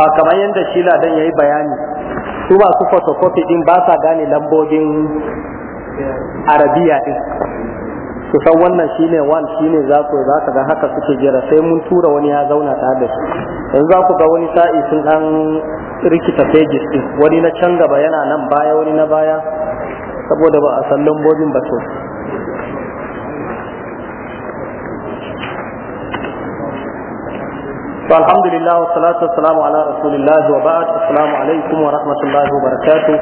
a kamar yadda shi ladan ya yi bayani su masu photocopy din ba sa gane lambobin arabiya din su san wannan shine wan ne za ku za ka ga haka suke jira sai mun tura wani ya zauna tare da su yanzu za ku ga wani sa'i sun dan rikita pages din wani na can gaba yana nan baya wani na baya saboda ba a san lambobin ba sosai to alhamdulillah wa salatu wassalamu ala rasulillah wa ba'd assalamu alaikum wa rahmatullahi wa barakatuh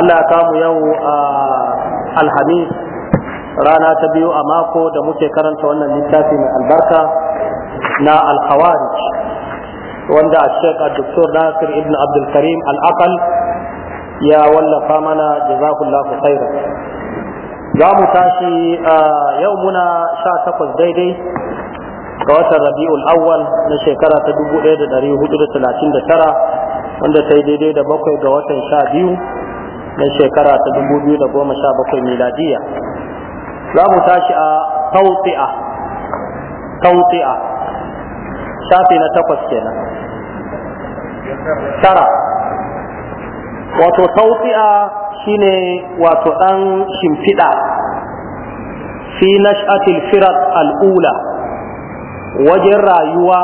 Allah ya mu yau a alhamis rana ta biyu a mako da muke karanta wannan littafi mai albarka na alkhawarij wanda a shek nasir ibn abdul al-aqal ya wallafa mana jazakullahu khairan za mu tashi yau muna sha takwas daidai ga watan rabi'ul awwal na shekara ta 1439 wanda ta yi daidai da bakwai ga watan sha biyu na shekara ta 2017 miladiya za mu tashi a tautsi'a tautsi'a shafi na takwas kenan tara wato tautsi'a shine wato ɗan shimfiɗa fi nash'atil firat al'ula wajen rayuwa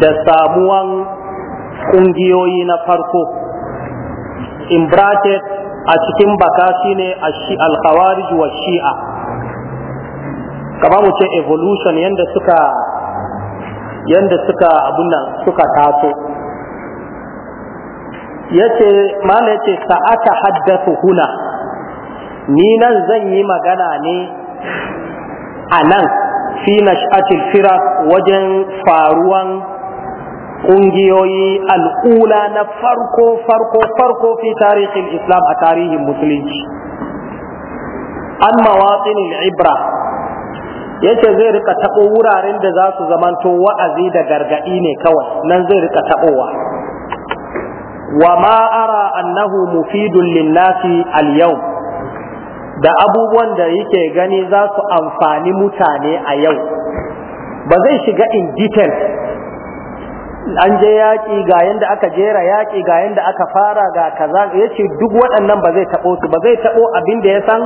da samuwan ƙungiyoyi na farko in bracket a cikin baka shine alkhawarij wa shi'a kama mu ce evolution yadda suka yadda suka abunan suka taso yace mana yace sa'ata haddathu huna ni nan zan yi magana ne a nan fi nash'atil firak wajen faruwan ƙungiyoyi al'ula na farko farko farko fi tarihin islam a tarihin musulunci an mawaƙinin ibra yace zai rika taɓo wuraren da za su zamanto wa'azi da gargaɗi ne kawai nan zai rika taɓowa wa ma ara annahu mufidun linnasi al yau da abubuwan da yake gani za su amfani mutane a yau ba zai shiga in detail an je yaƙi ga yadda aka jera yaƙi ga yadda aka fara ga kaza ya ce duk waɗannan ba zai taɓo su ba zai taɓo abin da ya san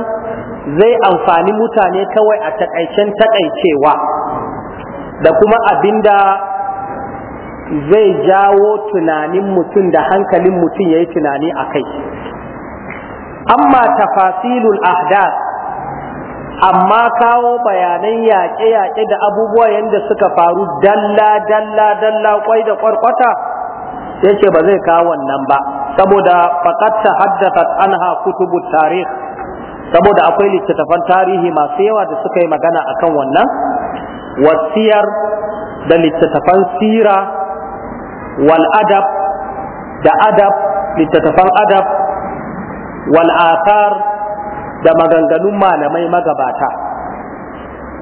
zai amfani mutane kawai a taƙaicen taƙaicewa da kuma abin da zai jawo tunanin mutum da hankalin mutum ya yi tunani a kai amma tafasilul ahdath amma kawo bayanan yaƙe-yaƙe da abubuwa yadda suka faru dalla dalla dalla kwai da kwarkwata yace ba zai kawo wannan ba saboda faqad tahaddathat anha kutubu tarikh saboda akwai littattafan tarihi masu yawa da suka yi magana akan wannan wasiyar da littattafan sira wal adab da adab littattafan adab wal athar da maganganun malamai magabata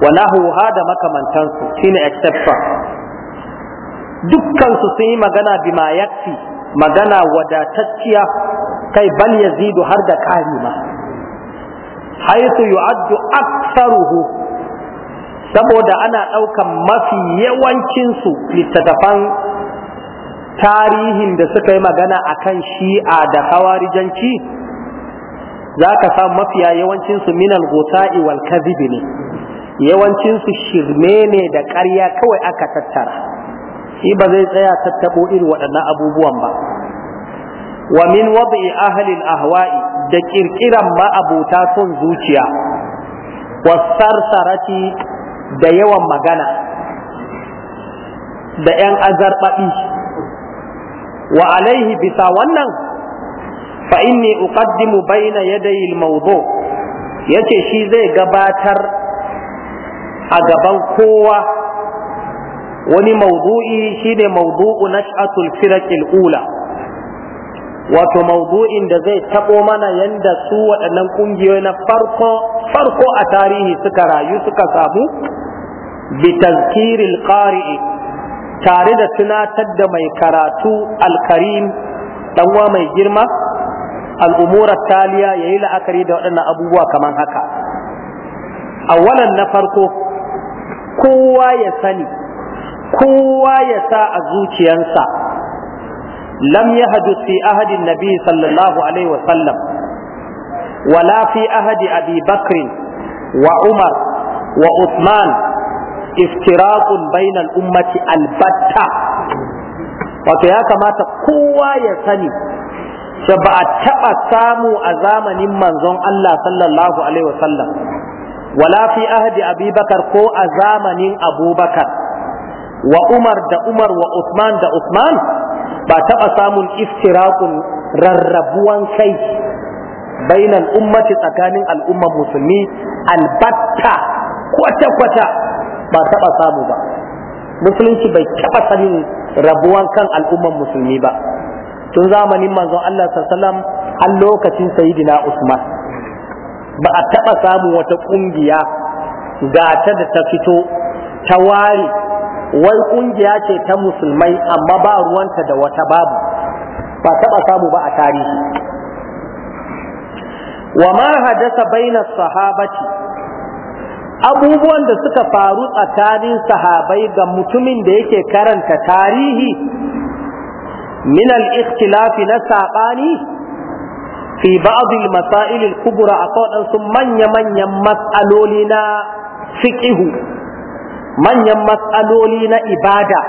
wa nahuha da makamantansu shine exception dukkan su sun yi magana ma yakfi magana wadatacciya kai bal yazidu har da ƙari ma haythu yu'addu aktharuhu saboda ana ɗaukan mafi yawancinsu littattafan tarihin da suka yi magana a kan shi'a da hawarijanci Zaka sa samu mafiya yawancinsu minal gota'i wal kazibi ne yawancinsu shirme ne da ƙarya kawai aka tattara shi ba zai tsaya tattabo irin waɗannan abubuwan ba wa min wadi ahlil ahwa'i da kirkiran ma'abuta son zuciya wa sarsarati da yawan magana da 'yan azarɓaɗi. wa alaihi bisa wannan fa inni uqaddimu bayna yadayi al-mawdu yace shi zai gabatar a gaban kowa wani mawdu'i shine mawdu'u nash'atul firaq al-ula wato mawdu'in da zai tabo mana yanda su waɗannan kungiyoyi na farko farko a tarihi suka rayu suka samu bi tazkiril qari'i tare da tunatar da mai karatu alkarim ɗanwa mai girma al'umurar taliya ya yi la'akari da waɗannan abubuwa kamar haka awalan na farko kowa ya sani kowa ya sa a zuciyarsa lam ya hadu fi ahadin nabi sallallahu alaihi wasallam wala fi ahadi abi bakrin wa umar wa usman iftiraqun bainal ummati albatta wato ya kamata kowa ya sani da ba a taɓa samu a zamanin manzon Allah sallallahu alaihi wasallam wala fi abubakar ko a zamanin abubakar wa umar da umar wa usman da usman ba taɓa samun iftirakun rarrabuwan kai bainal ummati tsakanin al'ummar musulmi albatta kwata-kwata ba taɓa samu ba musulunci bai taɓa sanin rabuwan kan al'ummar musulmi ba tun zamanin manzon Allah sallam har lokacin sayidina Usman ba a taɓa samu wata ƙungiya ga ta da ta fito ta ware wai ƙungiya ce ta musulmai amma ba ruwanta da wata babu ba taɓa samu ba a tarihi wa ma hadasa baina sahabati abubuwan da suka faru tsakanin sahabai ga mutumin da yake karanta tarihi min al-ikhtilafi na saɓani fi ba'd al-masail al-kubra akwai su manya manyan na na ibada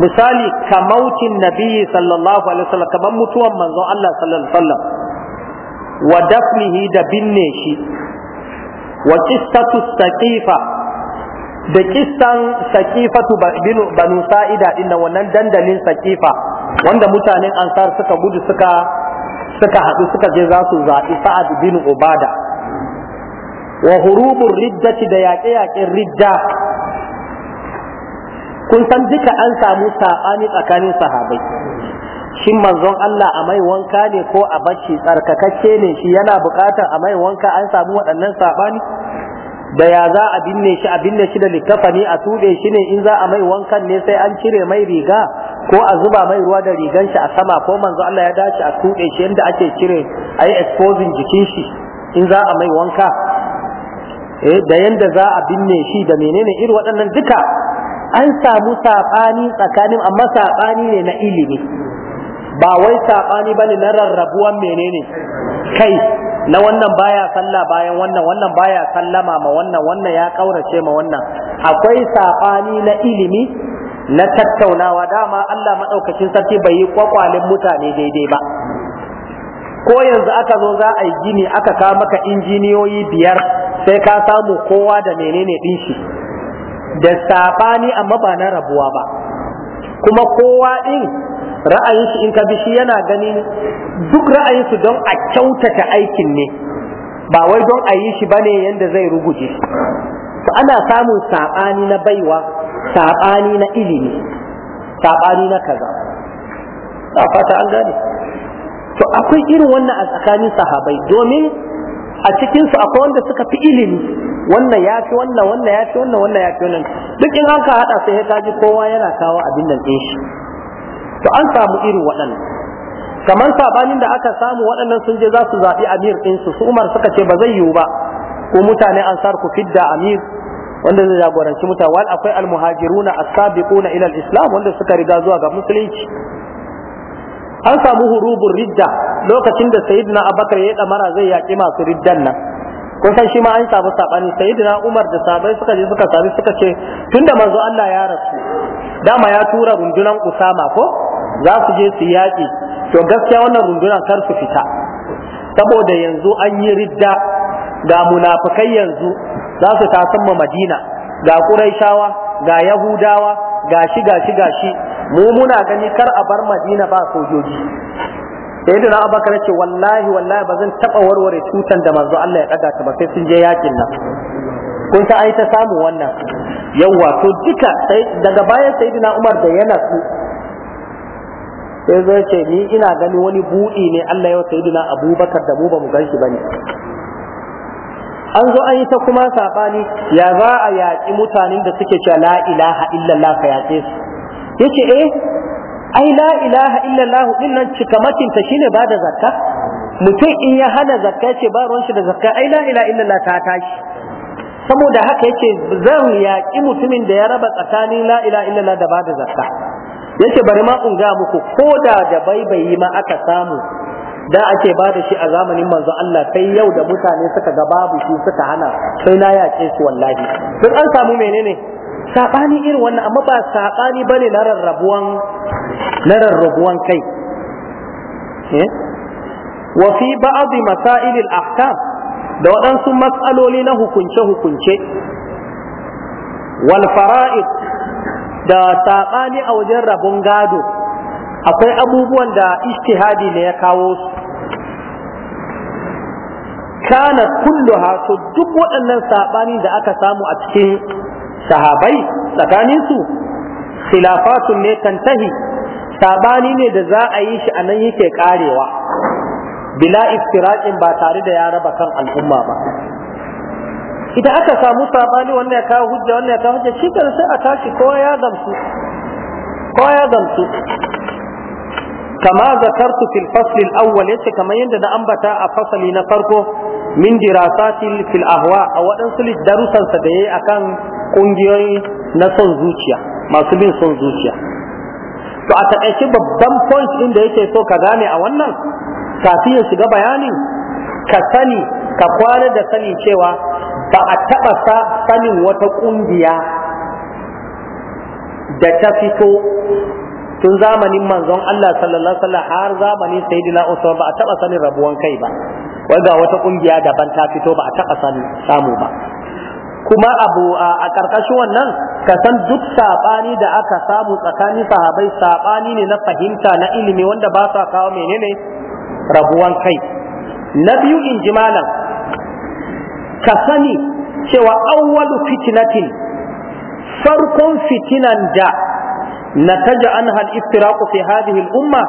misali kamautin nabi sallallahu alaihi wasallam kamar mutuwan manzo Allah sallallahu alaihi wasallam wa dafnihi da binne shi wa qissatu saqifa da kistan sakifatu banu sa'ida din nan wannan dandalin sakifa wanda mutanen ansar suka gudu suka suka haɗu suka je za su zaɓi sa'ad bin ubada wa hurubur riddati da yaƙe-yaƙen ridda kun san duka an samu saɓani tsakanin sahabai shin manzon Allah a mai wanka ne ko a bacci tsarkakakke ne shi yana buƙatar a mai wanka an samu waɗannan saɓani da ya za a binne shi a binne shi da littafani a tuɗe shi ne in za a mai wankan ne sai an cire mai riga ko a zuba mai ruwa da rigan shi a sama ko manzo Allah ya dace a tube shi yadda ake cire ayi exposing jikin shi in za a mai wanka eh da yanda za a binne shi da menene irin waɗannan duka an samu saɓani tsakanin amma saɓani ne na ilimi ba wai saɓani ba ne na rarrabuwan menene kai na wannan baya sallah bayan wannan wannan baya sallama ma wannan wannan ya ƙaurace ma wannan akwai saɓani na ilimi na tattaunawa dama Allah maɗaukacin sarki bai yi kwakwalin mutane daidai ba ko yanzu aka zo za a yi gini aka kawo maka injiniyoyi biyar sai ka samu kowa da menene ɗin shi da saɓani amma ba na rabuwa ba kuma kowa ɗin ra'ayinsu in ka bi shi yana gani duk ra'ayinsu don a kyautata aikin ne ba wai don a yi shi bane yanda zai ruguje to ana samun saɓani na baiwa saɓani na ilimi saɓani na kaza a fata an gane to akwai irin wannan a tsakanin sahabai domin a cikinsu akwai wanda suka fi ilimi wannan ya fi wannan wannan ya fi wannan wannan ya fi wannan duk in an ka haɗa sai ya kaji kowa yana kawo abin nan ɗin shi to an samu irin waɗannan kamar sabanin da aka samu waɗannan sun je za su zaɓi amir ɗinsu su umar suka ce ba zai yiwu ba ko mutane an sar ku fidda amir wanda zai jagoranci mutane wani akwai almuhajiruna as-sabiquna ila al-islam wanda suka riga zuwa ga musulunci an samu hurubun ridda lokacin da sayyidina abakar ya yi ɗamara zai yaƙi masu riddan nan kun san shi ma an samu sabani sayyidina umar da sabai suka je suka sami suka ce tunda manzo Allah ya rasu dama ya tura rundunan usama ko za su je su yaƙi to gaskiya wannan runduna kar su fita saboda yanzu an yi ridda ga munafukai yanzu za su tasan ma madina ga ƙuraishawa ga yahudawa ga shi ga shi ga shi mu muna gani kar a bar madina ba sojoji sai da abakar ce wallahi wallahi ba zan taɓa warware tutan da manzo Allah ya ɗaga ta ba sai sun je yaƙin nan kun ta aita samu wannan yawwa to duka daga bayan sayyidina Umar da yana su sai zai ce ni ina gani wani buɗi ne Allah ya wata yidina abubakar da mu ba mu gan shi ba ne an zo an yi ta kuma saɓani ya za a yaƙi mutanen da suke cewa la ilaha illallah ka yaƙe su ya ce eh ai la ilaha illallah din nan cikamakin ta shine ba da zakka mutum in ya hana zakka ce ba ruwan shi da zakka ai la ilaha illallah ta tashi saboda haka yace zan yaƙi mutumin da ya raba tsakanin la ilaha illallah da ba da zakka yace bari ma in ga muku ko da da bai yi ma aka samu da ake ba da shi a zamanin manzo Allah sai yau da mutane suka ga babu shi suka hana sai na yace su wallahi duk an samu menene sabani irin wannan amma ba sabani bane na rarrabuwan na rarrabuwan kai eh? wa fi ba'd masail al-ahkam da waɗansu matsaloli na hukunce-hukunce wal fara'id da saɓani a wajen rabon gado akwai abubuwan da istihadi ne ya kawo su kana kulluha to duk waɗannan saɓani da aka samu a cikin sahabai tsakaninsu khilafatun ne tantahi saɓani ne da za a yi shi a nan yake ƙarewa bila istiraƙin ba tare da ya raba kan al'umma ba idan aka samu sabani wannan ya kawo hujja wannan ya kawo hujja shi kan sai a tashi ko ya zamsu. ya kama zakartu fil fasl al awwal yace kamar yadda na ambata a fasali na farko min dirasati fil ahwa a waɗansu darussan sa da yayi akan kungiyoyi na son zuciya masu bin son zuciya to a takaice babban point din da yake so ka gane a wannan kafin ya shiga bayanin ka sani ka kwana da sani cewa ba a taɓa sanin wata ƙungiya da ta fito tun zamanin manzon Allah sallallahu alaihi har zamanin sayyidina Usman ba a taɓa sanin rabuwan kai ba wai ga wata ƙungiya daban ta fito ba a taɓa samu ba kuma abu a ƙarƙashin wannan ka san duk saɓani da aka samu tsakanin sahabai saɓani ne na fahimta na ilimi wanda ba sa kawo menene rabuwan kai na biyu in ka sani cewa awwalu fitnatin farkon fitinan da nataja an al-iftiraq fi hadhihi al-umma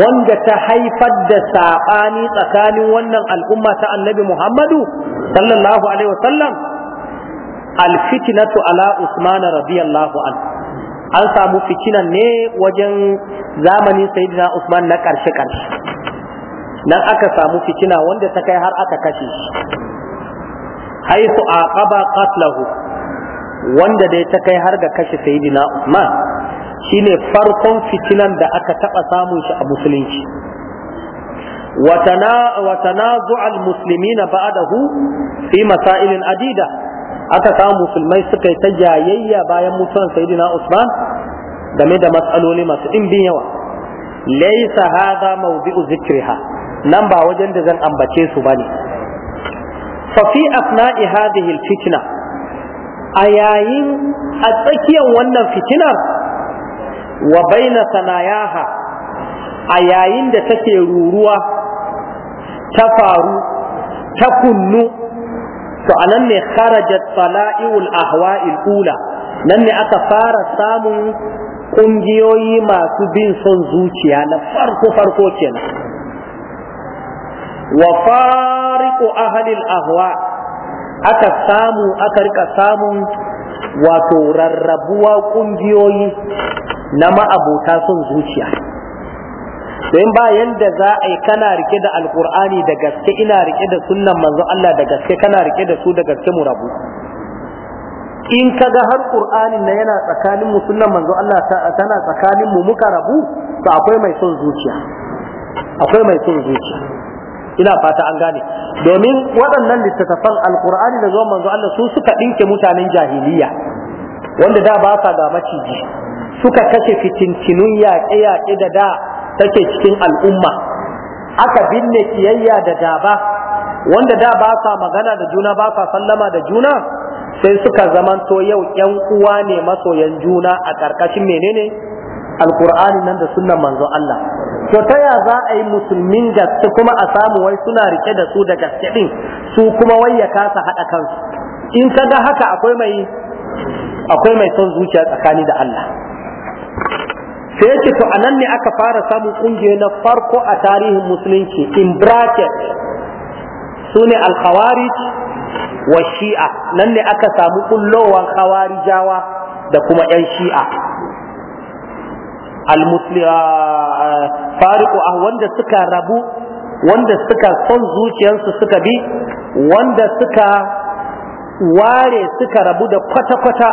wanda ta haifar da saɓani tsakanin wannan al'umma ta annabi Muhammadu sallallahu alaihi wasallam al ala Usman radiyallahu anhu an samu fitinan ne wajen zamanin sayyidina Usman na karshe karshe nan aka samu fitina wanda ta kai har aka kashe shi haisu aqaba qatlahu wanda dai ta kai har ga kashe sayyidina Usman shine farkon fitinan da aka taba samun shi a musulunci وتنازع المسلمين بعده fi masailin Adida, aka samu musulmai suka yi ta jayayya bayan mutuwan sayyidina Usman game da matsaloli masu ɗimbin yawa laisa hadha mawdi'u zikriha nan ba wajen da zan ambace su bane fa fi asna'i hadhihi a yayin a tsakiyar wannan fitinar wa baina sanayaha a yayin da take ruruwa ta faru ta kunnu to anan ne kharajat sala'iul ahwa'il ula nan ne aka fara samun ƙungiyoyi masu bin son zuciya na farko farko kenan wa fariqu ahli al-ahwa aka samu aka rika samun wato rarrabuwa kungiyoyi na ma'abota sun zuciya don ba yanda za a yi kana rike da alkur'ani da gaske ina rike da sunnan manzo Allah da gaske kana rike da su da gaske mu rabu in ka ga har qur'anin na yana tsakanin mu sunnan manzo Allah tana tsakanin mu muka rabu to akwai mai son zuciya akwai mai son zuciya ina fata an gane domin waɗannan littattafan alkur'ani da zuwan manzo Allah su suka ɗinke mutanen jahiliya wanda da ba sa ga maciji suka kashe fitintinun yaƙe-yaƙe da da take cikin al'umma aka binne kiyayya da daba wanda da ba sa magana da juna ba sa sallama da juna sai suka zamanto yau 'yan uwa ne masoyan juna a ƙarƙashin menene alkur'ani nan da sunnan manzon Allah to ta ya za a yi musulmin gaske kuma a samu wai suna rike da su da gaske din su kuma wai ya kasa haɗa kansu in ka ga haka akwai mai akwai mai son zuciya tsakani da Allah sai yake to anan ne aka fara samun kungiyoyi na farko a tarihin musulunci in bracket su ne alkhawarij wa shi'a nan ne aka samu kullowan khawarijawa da kuma 'yan shi'a Eh, fariqu ah wanda suka rabu wanda suka son zuciyarsu suka bi wanda suka ware suka rabu da kwata-kwata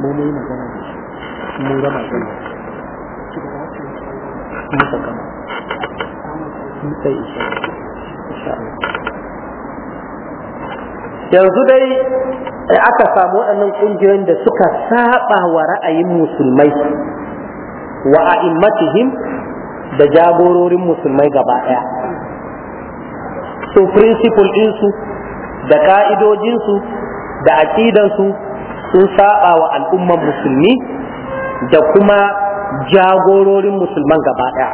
mu mu magana da shi mu raba da shi? kama yanzu dai eh, aka samu waɗannan ƙungiyoyin da suka saba wa ra'ayin musulmai wa a'immatihim da jagororin musulmai gaba ɗaya su principle ɗinsu da ƙa'idojinsu, da aƙidansu sun saba wa al'umman musulmi da kuma jagororin musulman gaba daya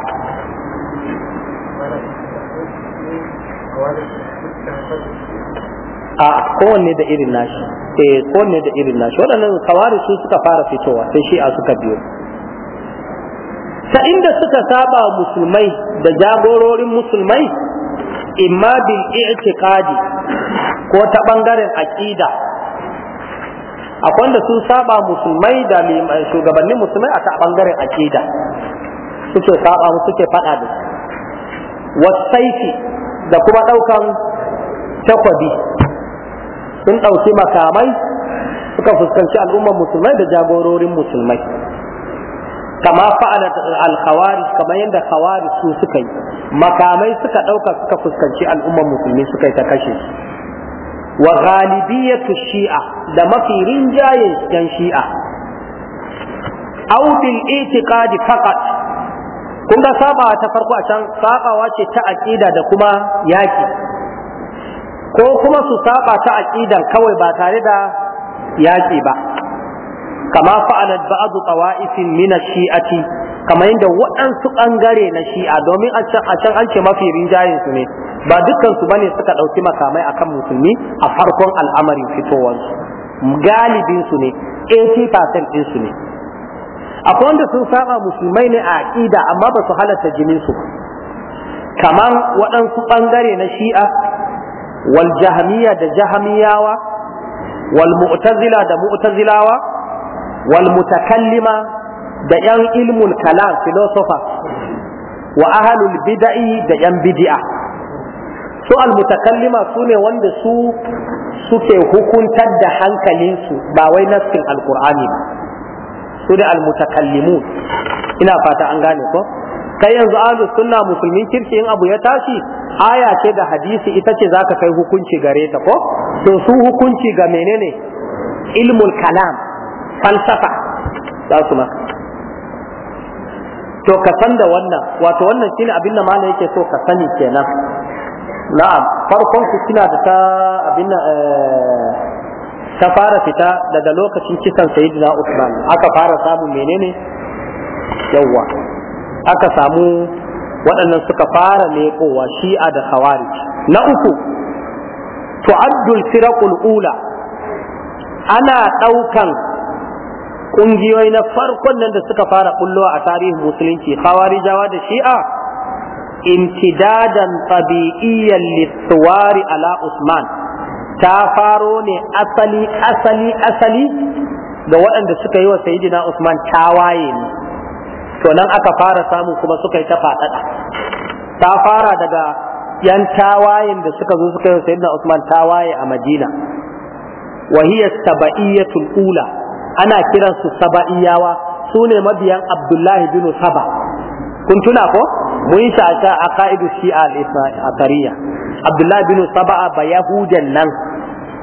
a kowanne da irin nashi E kowanne da irin nashi waɗannan kawari su suka fara fitowa sai shi'a suka biyo ta inda suka saba musulmai da jagororin musulmai imma bil i'tiqadi ko ta bangaren aqida akwai wanda sun saba musulmai da shugabannin musulmai a ta bangaren akida suke saba mu suke faɗa da su wasaifi da kuma ɗaukan takwabi sun ɗauki makamai suka fuskanci al'ummar musulmai da jagororin musulmai kama fa'ala al-khawarij kamar yadda khawarij su suka yi makamai suka ɗauka suka fuskanci al'ummar musulmi suka yi ta kashe su wa ghalibiyatu shi'a da mafi rinjayen yan shi'a aw bil itiqadi faqat kun ga sabawa ta farko a can sabawa ce ta aqida da kuma yaki ko kuma su saba ta aqidan kawai ba tare da yaki ba kama fa'alat ba'd tawa'ifin min ash-shi'ati kamar yadda waɗansu ɓangare na shi'a domin a can an ce mafi rinjayen su ne ba ba bane suka ɗauki makamai akan musulmi a farkon al'amarin fitowarsu galibinsu ne 80% ɗinsu ne akwai wanda sun saba musulmai ne a aƙida amma ba su halatta jininsu kamar waɗansu ɓangare na shi'a wal jahamiya da jahamiyawa wal mu'tazila da mu'tazilawa wal mutakallima da yan ilmul kalam philosopher wa ahlul bid'i da yan bid'a su almutakallima su ne wanda su suke hukuntar da hankalinsu ba wai naskin alkur'ani ba su ne almutakallimu ina fata an gane ko kai yanzu ahlus sunna musulmin kirki in abu ya tashi aya ce da hadisi ita ce zaka kai hukunci gare ta ko to su hukunci ga menene ilmul kalam falsafa za su ma to ka san da wannan wato wannan shine abin da malai yake so ka sani kenan na'am farkon suna da ta abin eh, ta fara fita daga lokacin kisan sayyidina Usman aka fara samun menene yawa aka samu waɗannan suka fara leƙowa shi'a da khawarij na uku tu'addul firaqul ula ana ɗaukan ƙungiyoyi na farkon nan da suka fara bullo a tarihin musulunci khawarijawa da shi'a imtidadan tabi'iyyan litsuwari ala Usman ta faro ne asali asali asali da waɗanda suka yi wa Sayyidina Usman tawaye ne to nan aka fara samu kuma suka yi ta faɗaɗa ta fara daga yan tawayen da suka zo suka yi wa Sayyidina Usman tawaye a Madina wa hiya saba'iyyatul ula ana kiransu saba'iyawa su ne mabiyan Abdullahi bin Saba kun tuna ko mun shi a aqaidu shi al tariya abdullah bin saba'a ba yahudan nan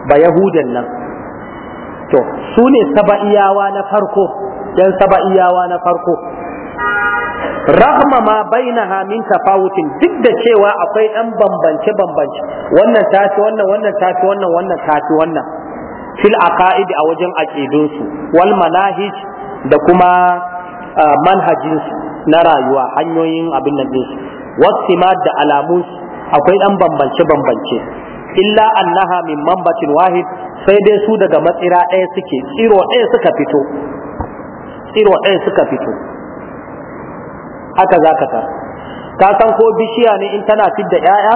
ba yahudan nan to su ne saba'iyawa na farko dan saba'iyawa na farko rahma ma bainaha min tafawutin duk da cewa akwai dan bambance bambance wannan tafi wannan wannan tafi wannan wannan tafi wannan fil aqaid a wajen aqidunsu wal manahij da kuma ah, manhajinsu na rayuwa hanyoyin abin nan din wasu da alamu akwai dan bambance bambance illa annaha min mambatin wahid sai dai su daga matsira ɗaya suke tsiro ɗaya suka fito tsiro ɗaya suka fito haka zaka ka san ko bishiya ne in tana fidda 'ya'ya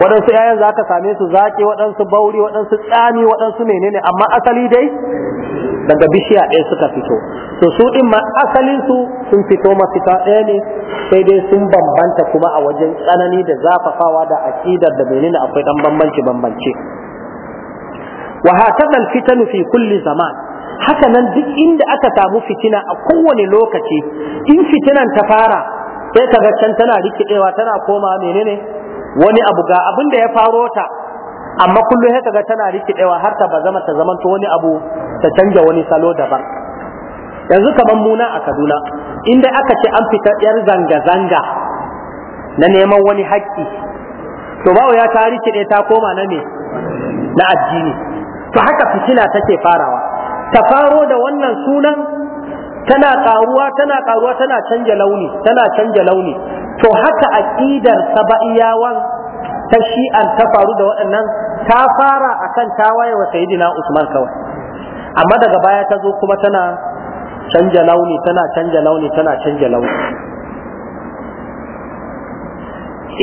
waɗansu ‘ya'yan za ka same su zaƙe waɗansu bauri waɗansu tsami waɗansu menene amma asali dai daga bishiya ɗaya suka fito to su ɗin ma asalinsu sun fito mafita ɗaya ne sai dai sun bambanta kuma a wajen tsanani da zafafawa da aƙidar da menene akwai ɗan bambanci bambance wa hakaza alfitanu fi kulli zaman haka nan duk inda aka samu fitina a kowane lokaci in fitinan ta fara sai ka ga can tana rikidewa tana koma menene wani abu ga abin da ya faro ta amma kullum sai kaga tana rikiɗewa har ta bazama ta zamanto wani abu ta canja wani salo daban yanzu kamar muna a Kaduna inda aka ce an fita yar zanga zanga na neman wani haƙƙi to bawo ya ta rikide ta koma na me na addini to haka fitina take farawa ta faro da wannan sunan tana karuwa tana karuwa tana canja launi tana canja launi to haka aƙidar saba'iyawan ta shi'an ta faru da waɗannan ta fara kan tawaye wa sayidina usman kawai amma daga baya ta zo kuma tana canja launi tana canja launi tana canja launi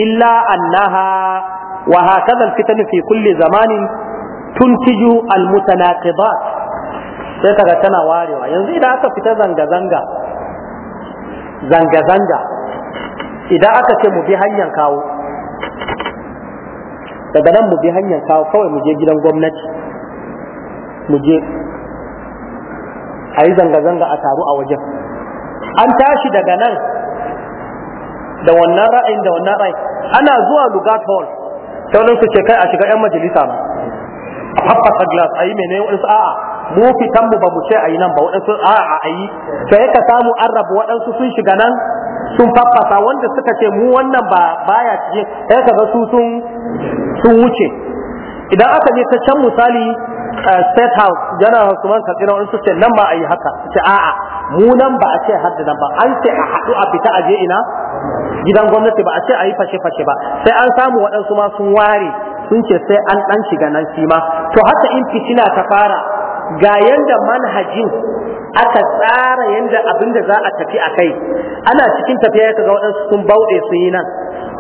illa annaha wa hakaza alfitan fi kulli zamanin tuntiju almutanaqibat sai kaga tana warewa yanzu idan aka fita zanga zanga zanga zanga idan aka ce mu bi hanyar kawo daga nan mu bi hanyar kawo kawai mu je gidan gwamnati mu je a yi zanga-zanga a taru a wajen an tashi daga nan da wannan ra'ayin da wannan ra'ayin ana zuwa lugat hall sauran su ce kai a shiga 'yan majalisa ba a haffasa glass a yi menene waɗansu a'a mu fitan mu ba mu ce a yi nan ba waɗansu a'a a yi sai ka samu an rabu waɗansu sun shiga nan sun faffasa wanda suka ce mu wannan ba baya cikin ɗaya kaga su sun wuce idan aka je ta can misali eh, state house janar hukumar katsina wani su ce nan ba a yi haka ce a'a mu nan ba a ce nan ba an ce a haɗu a fita a je ina gidan gwamnati ba a ce a yi fashe-fashe ba sai an samu waɗansu ma sun ware sun ce sai an ɗan shiga nan shi ma to haka in fitina ta fara ga yanda manhajin aka tsara yadda abin da za a tafi a kai ana cikin tafiya ya kaga waɗansu sun bauɗe sun yi nan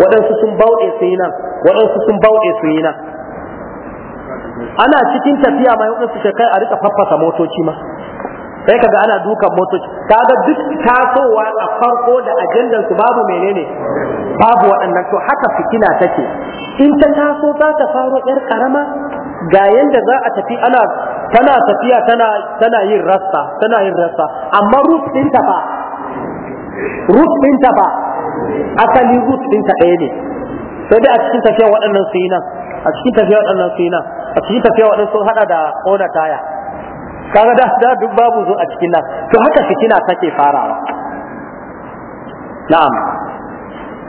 waɗansu sun bauɗe sun yi nan waɗansu sun bauɗe sun yi nan ana cikin tafiya ma waɗansu ce kai a rika faffasa motoci ma sai kaga ana dukan motoci kaga duk tasowa a farko da ajandar su babu menene babu waɗannan to haka fitina take in ta taso za ta faro yar karama ga yanda za a tafi ana tana tafiya tana yin rasta tana yin rasta amma root ɗinta ba root ɗinta ba asali root ɗinta ɗaya ne sai dai a cikin tafiya waɗannan su yi nan a cikin tafiya waɗannan su yi nan a cikin tafiya waɗannan sun haɗa da ƙona taya kaga da da duk babu zo a cikin nan to haka fitina take farawa na'am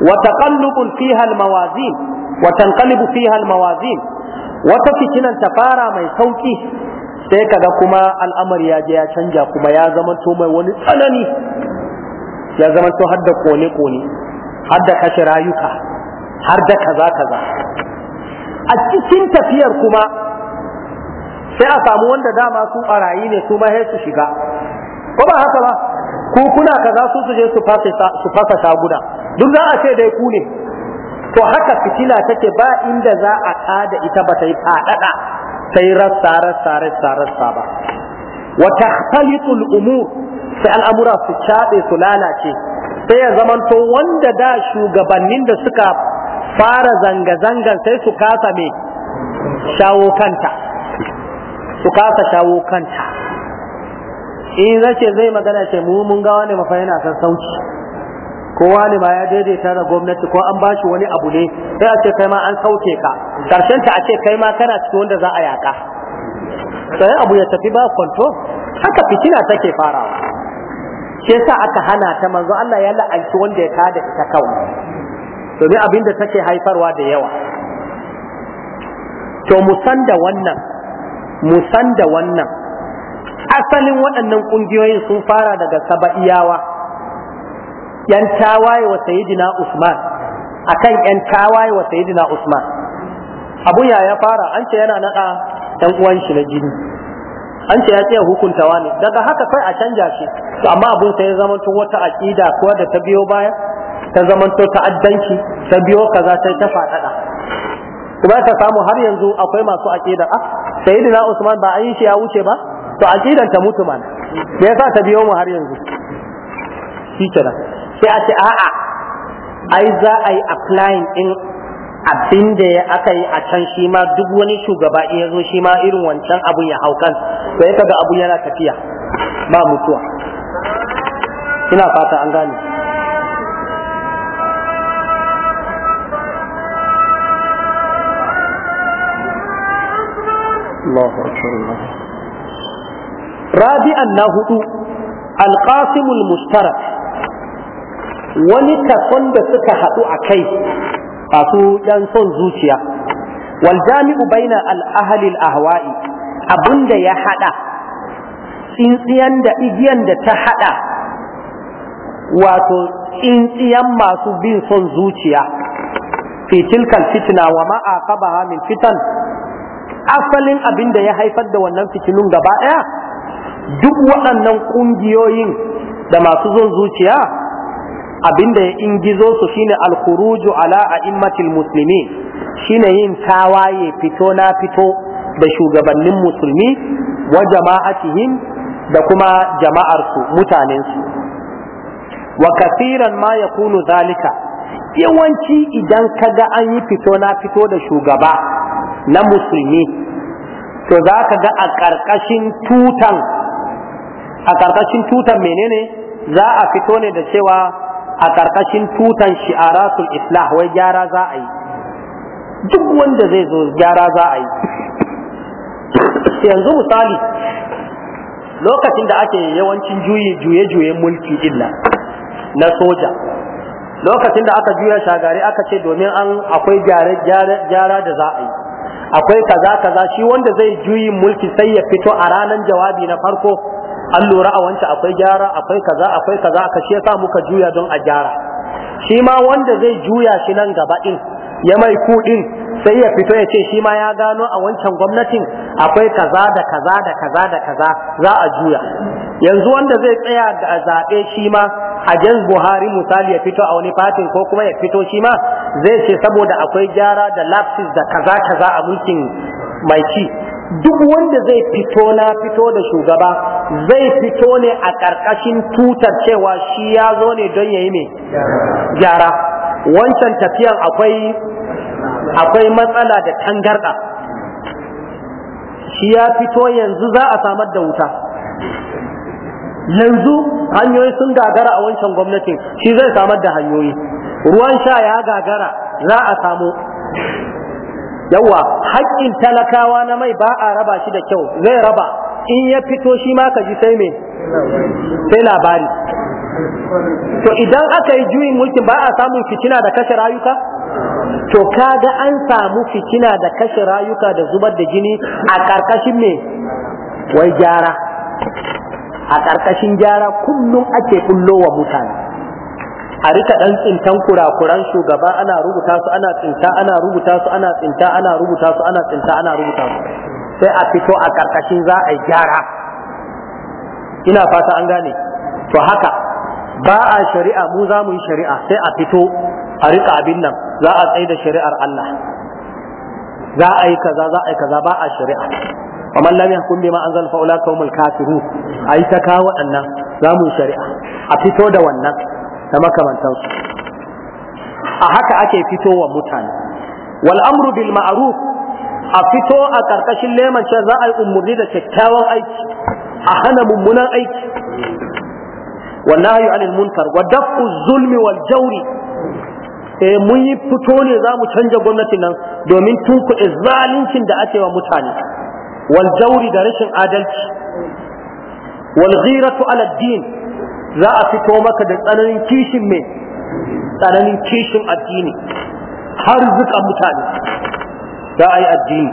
wa taqallubun fiha al-mawazin wa tanqalibu fiha al-mawazin wata fitinan ta fara mai sauki sai kaga kuma al'amari ya je ya canja kuma ya zama to mai wani tsanani ya zama to har da kone-kone har da kashe rayuka har da kaza-kaza a cikin tafiyar kuma sai a samu wanda dama su barayi ne su mahe su shiga ko ba haka ba ku kuna kaza su su je su fasa shaguna duk za a ce dai ku ne to haka fitila take ba inda za a kada ita ba ta yi fadada sai rassa rassa rassa saba ba wa takhtalitu al-umur sai al'amura su caɗe su lalace sai ya zamanto wanda da shugabannin da suka fara zanga-zangan sai su kasa me shawo kanta su kasa shawo kanta in zace zai magana ce mu mun ga wani mafa san sauki ko wani ma ya daidaita da gwamnati ko an bashi wani abu ne sai a ce kai ma an sauke ka karshen ta a ce kai ma kana cikin wanda za a yaka sai abu ya tafi ba kwanto haka fitina take farawa shi yasa aka hana ta manzo Allah ya la'anci wanda ya kada ita kawai domin abin da take haifarwa da yawa to musan da wannan musan da wannan asalin waɗannan ƙungiyoyin sun fara daga saba'iyawa yan tawaye wa sayyidina Usman akan yan tawaye wa sayyidina Usman abu ya ya fara an ce yana naɗa dan uwan shi na jini an ce ya tsaya hukuntawa ne daga haka sai a canja shi to amma abun sai ya zama tun wata aqida ko da ta biyo baya ta zamanto ta'addanci ta biyo kaza sai ta faɗaɗa. kuma ta samu har yanzu akwai masu aqida ah sayyidina Usman ba an yi shi ya wuce ba to aqidan ta mutu mana me yasa ta biyo mu har yanzu shi kenan sai a ce a'a ai za a yi applying din abin da aka yi a can shi ma duk wani shugaba ya zo shi ma irin wancan abun ya hau kan ya kaga abun yana tafiya ba mutuwa ina fata an gane Rabi'an na رابعا نهدو القاسم wani kason da suka haɗu a kai a su ɗan son zuciya wal jami'u baina al-ahli al-ahwa'i abinda ya haɗa tsintsiyan da igiyan da ta haɗa wato tsintsiyan masu bin son zuciya fi tilkal fitna wa ma min fitan asalin abin da ya haifar da wannan fitilun gaba ɗaya duk waɗannan ƙungiyoyin da masu zon zuciya abinda ya ingizo su shine alkhuruju ala a'immatil muslimin shine yin tawaye fito na fito da shugabannin musulmi wa jama'atihim da kuma jama'ar su mutanen su wa kathiran ma yakunu zalika yawanci idan kaga an yi fito na fito da shugaba na musulmi to za ka ga a ƙarƙashin tutan a ƙarƙashin tutan menene za a fito ne da cewa a ƙarƙashin tutan shi'aratul islah wai gyara za a yi duk wanda zai zo gyara za a yi yanzu misali lokacin da ake yawancin juye-juyen mulki illa na soja lokacin da aka juya shagari aka ce domin an akwai gyara da za a yi akwai kaza kaza shi wanda zai juyi mulki sai ya fito a ranar jawabi na farko an lura a wancan akwai gyara akwai kaza akwai kaza aka shi yasa muka juya don a gyara shi ma wanda zai juya shi nan gaba din ya mai kudin sai ya fito ya ce shi ma ya gano a wancan gwamnatin akwai kaza da kaza da kaza da kaza za a juya yanzu wanda zai tsaya da zaɓe shi ma ajaz buhari misali ya fito a wani fatin ko kuma ya fito shi ma zai ce saboda akwai gyara da lapsis da kaza kaza a mulkin mai ci duk wanda zai fito na fito da shugaba zai fito ne a ƙarƙashin tutar cewa shi ya zo ne don ya yi mai gyara wancan tafiyan akwai matsala da tangarɗa shi ya fito yanzu za a samar da wuta yanzu hanyoyi sun gagara a wancan gwamnatin shi zai samar da hanyoyi ruwan sha ya gagara za a samu yawa haƙƙin talakawa na mai ba a raba shi da kyau zai raba in ya fito shi ma ka ji sai me sai labari to idan aka yi juyin mulkin ba a samun fitina da kashe rayuka to kaga an samu fitina da kashe rayuka da zubar da jini a ƙarƙashin me wai gyara a ƙarƙashin gyara kullum ake kullo wa mutane a rika dan tsintan kurakuran shugaba ana rubuta su ana tsinta ana rubuta su ana tsinta ana rubuta su ana tsinta ana rubuta su sai a fito a karkashin za a gyara ina fata an gane to haka ba a shari'a mu za mu yi shari'a sai a fito a rika abin nan za a tsaye da shari'ar Allah za a yi kaza za a yi kaza ba a shari'a amma lam yahkum bima anzal fa ulaka humul kafirun ai ta kawo waɗannan za mu yi shari'a a fito da wannan da makamantansu a haka ake fitowa mutane wal amru bil ma'ruf a fito a ƙarƙashin leman ce za a yi umarni da kyakkyawan aiki a hana mummunan aiki wallahi anil munkar wa dafu zulmi wal jawri eh mun yi fito ne za mu canja gwamnati nan domin tunkuɗe zaluncin da ake wa mutane wal da rashin adalci wal ghiratu ala din za a fito maka da tsananin kishin mai tsananin kishin addini har zuka mutane za a yi addini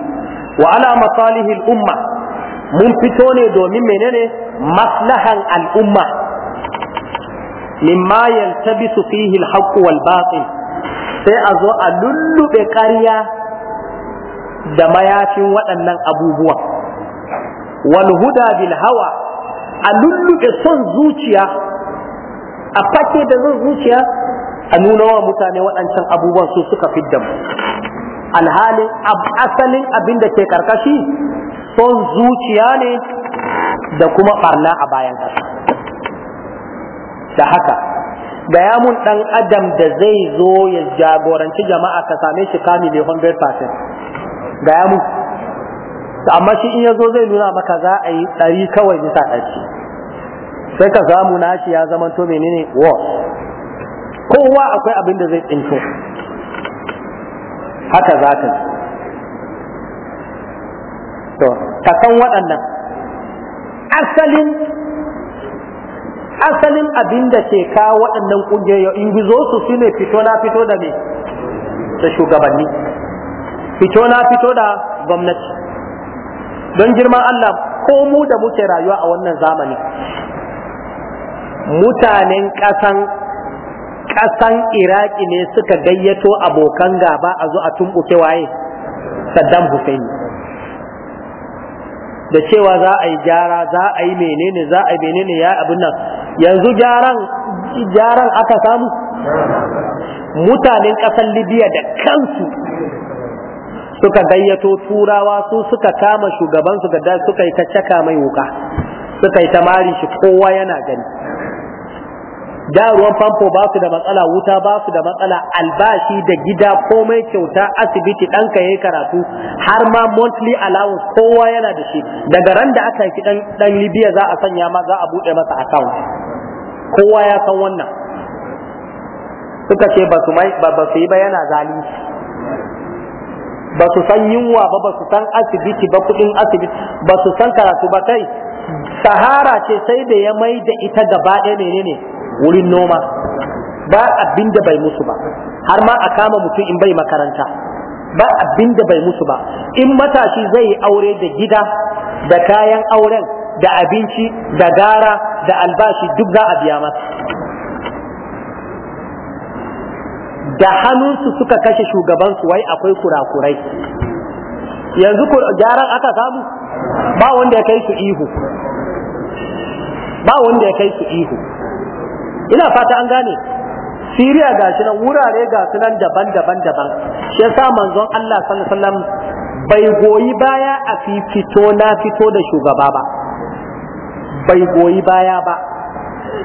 wa ala masalihil umma mun fito ne domin menene maslahan al'umma mimma yaltabisu fihi al-haqq wal batil sai a zo a lullube ƙarya da mayafin waɗannan abubuwan wal huda bil hawa a lullube son zuciya a fake da zan zuciya a nuna wa mutane waɗancan abubuwan su suka fidda mu alhalin asalin abin da ke karkashi son zuciya ne da kuma barna a bayan ƙasa da haka gaya mun ɗan adam da zai zo ya jagoranci jama'a ka same shi kami mai 100% gaya mun amma shi in ya zo zai nuna maka za a yi ɗari kawai bisa ɗari sai ka samu nashi ya zama to menene wa. kowa akwai abin da zai tsinto haka za ka to ka san waɗannan asalin asalin abin da ke ka waɗannan in gizo su su ne fito na fito da me da shugabanni fito na fito da gwamnati don girman Allah ko mu da muke rayuwa a wannan zamani mutanen ƙasan ƙasan iraki ne suka gayyato abokan gaba a zo a tumɓuke waye saddam hussein da cewa za a yi gyara za a yi menene za a yi menene ya abin nan yanzu gyaran gyaran aka samu mutanen ƙasar libya da kansu suka gayyato turawa su suka kama shugaban su, da suka yi ta caka mai wuka suka yi ta mari shi kowa yana gani da ruwan famfo ba su da matsala wuta ba su da matsala albashi da gida komai kyauta asibiti ɗanka ya yi karatu har ma monthly allowance kowa yana da shi daga ran da aka dan ɗan libya za a sanya ma za a buɗe masa account kowa ya san wannan suka ce ba su yi ba yana zalunci ba su san yunwa ba ba su san asibiti ba kuɗin asibiti ba su san karatu ba kai sahara ce sai da ya mai da ita gaba ɗaya ne ne wurin noma ba abin da bai musu ba har ma a kama mutum in bai makaranta ba abin da bai musu ba in matashi zai aure da gida da kayan auren da abinci da gara da albashi duk za a biya masa da hannunsu suka kashe shugabansu wai akwai kurakurai yanzu gyaran aka samu ba wanda ya kai su ihu ba wanda ya kai su ihu ina fata an gane siriya ga shi nan wurare ga su nan daban-daban daban shi yasa manzon Allah sallallahu alaihi wasallam bai goyi baya a fito na fito da shugaba ba bai goyi baya ba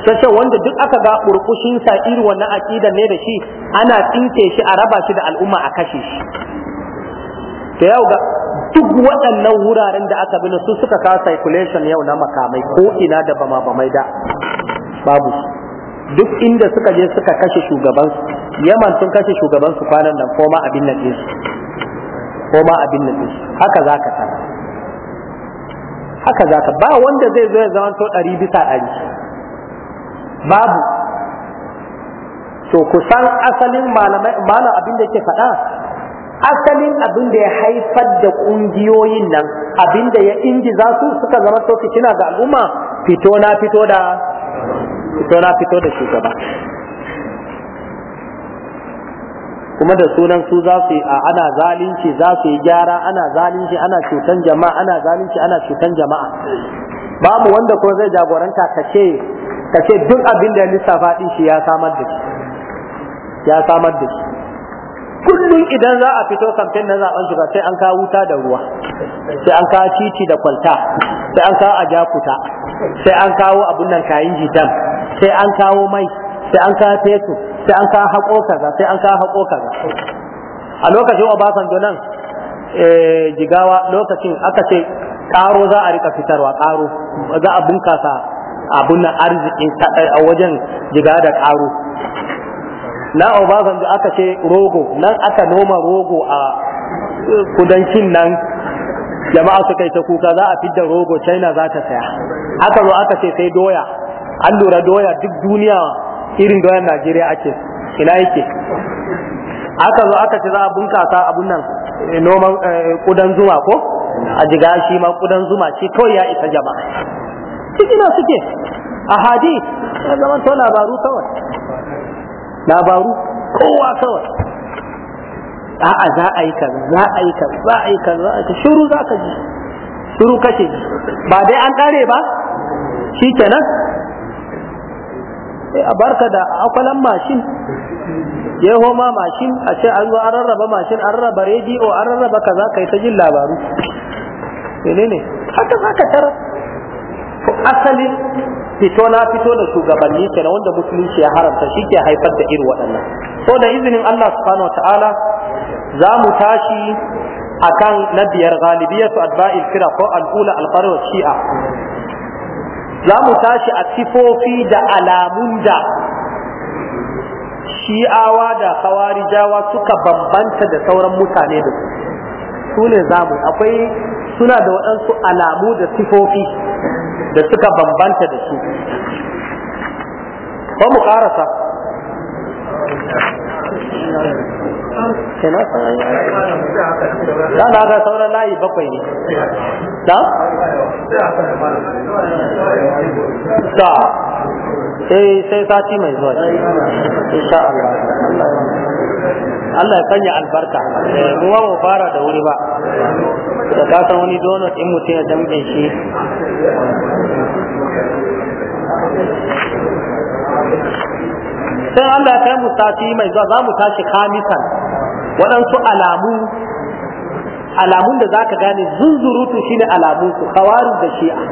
sace wanda duk aka ga burkushin sa irin wannan aqida ne da shi ana tsinke shi a raba shi da al'umma a kashe shi da yau ga duk waɗannan wuraren da aka bina su suka kawo circulation yau na makamai ko ina da bama bamai da babu duk inda suka je suka kashe su yaman sun kashe shugaban su kwanan nan ko ma abin nan ɗinsu ko ma abin nan ɗinsu haka za ka tara haka za ka ba wanda zai zo ya zama to ɗari bisa ɗari babu to kusan asalin malamai malam abin da ke faɗa asalin abin da ya haifar da ƙungiyoyin nan abin da ya ingiza su suka zama to fitina ga al'umma fito na fito da fito na fito da shugaba kuma da sunan su za su yi ana zalunci za su yi gyara ana zalunci ana cutan jama'a ana zalunci ana cutan jama'a babu wanda kuma zai jagoranta ka ce duk abin da lissa faɗi shi ya samar da shi ya samar da shi kullum idan za a fito kamfen na zaben shiga sai an kawo wuta da ruwa sai an kawo titi da kwalta sai an kawo ajakuta sai an kawo abun nan kayan jitan sai an kawo mai sai an kawo fetur sai an kawo haƙo kaza sai an kawo haƙo kaza a lokacin obasanjo nan eh, jigawa lokacin aka ce ƙaro za a rika fitarwa ƙaro za a bunkasa abun nan arzikin a wajen jigawa da ƙaro na obasanjo aka ce rogo nan aka noma rogo a kudancin nan jama'a suka yi ta kuka za a fidda rogo china za ta saya aka zo aka ce sai doya an lura doya duk duniya irin doyar najeriya ake ina yake aka zo aka ce za a bunkasa abun nan eh, noman kudan eh, zuma ko a jiga shi ma kudan zuma shi kawai ya isa jama'a cikina suke a hadi ya zama to labaru kawai labaru kowa kawai a'a za a yi kan za a yi kan za a yi kan za a yi shiru za ka ji shiru kake ba dai an kare ba shi kenan eh, a barka da akwalan mashin ya homa mashin a ce an zo an rarraba mashin an rarraba rediyo an rarraba ka za ka yi ta jin labaru ne ne haka za ka tara to asalin fito na fito da shugabanni kenan wanda musulunci ya haramta shi ke haifar da irin waɗannan so da izinin Allah subhanahu wa ta'ala za mu tashi akan na biyar galibiyatu adba'il fira ko al'ula al-qarwa shi'a za mu tashi a sifofi da alamun da shi'awa da hawarijawa suka bambanta da sauran mutane da su su ne za mu akwai suna da waɗansu alamu da sifofi da suka bambanta da su ba mu ƙarasa ke na san da na ga sauran layi bakwai ne da da sai sai sati mai zuwa insha Allah Allah ya sanya albarka ruwa ba fara da wuri ba da ka wani donut in mutum ya damke shi sai Allah ya kai mu sati mai zuwa za mu tashi kamisan waɗansu alamu alamun da za ka gane zunzurutu shine alamu su khawarij da shi'a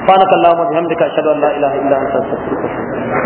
سبحانك اللهم وبحمدك اشهد ان لا اله الا انت استغفرك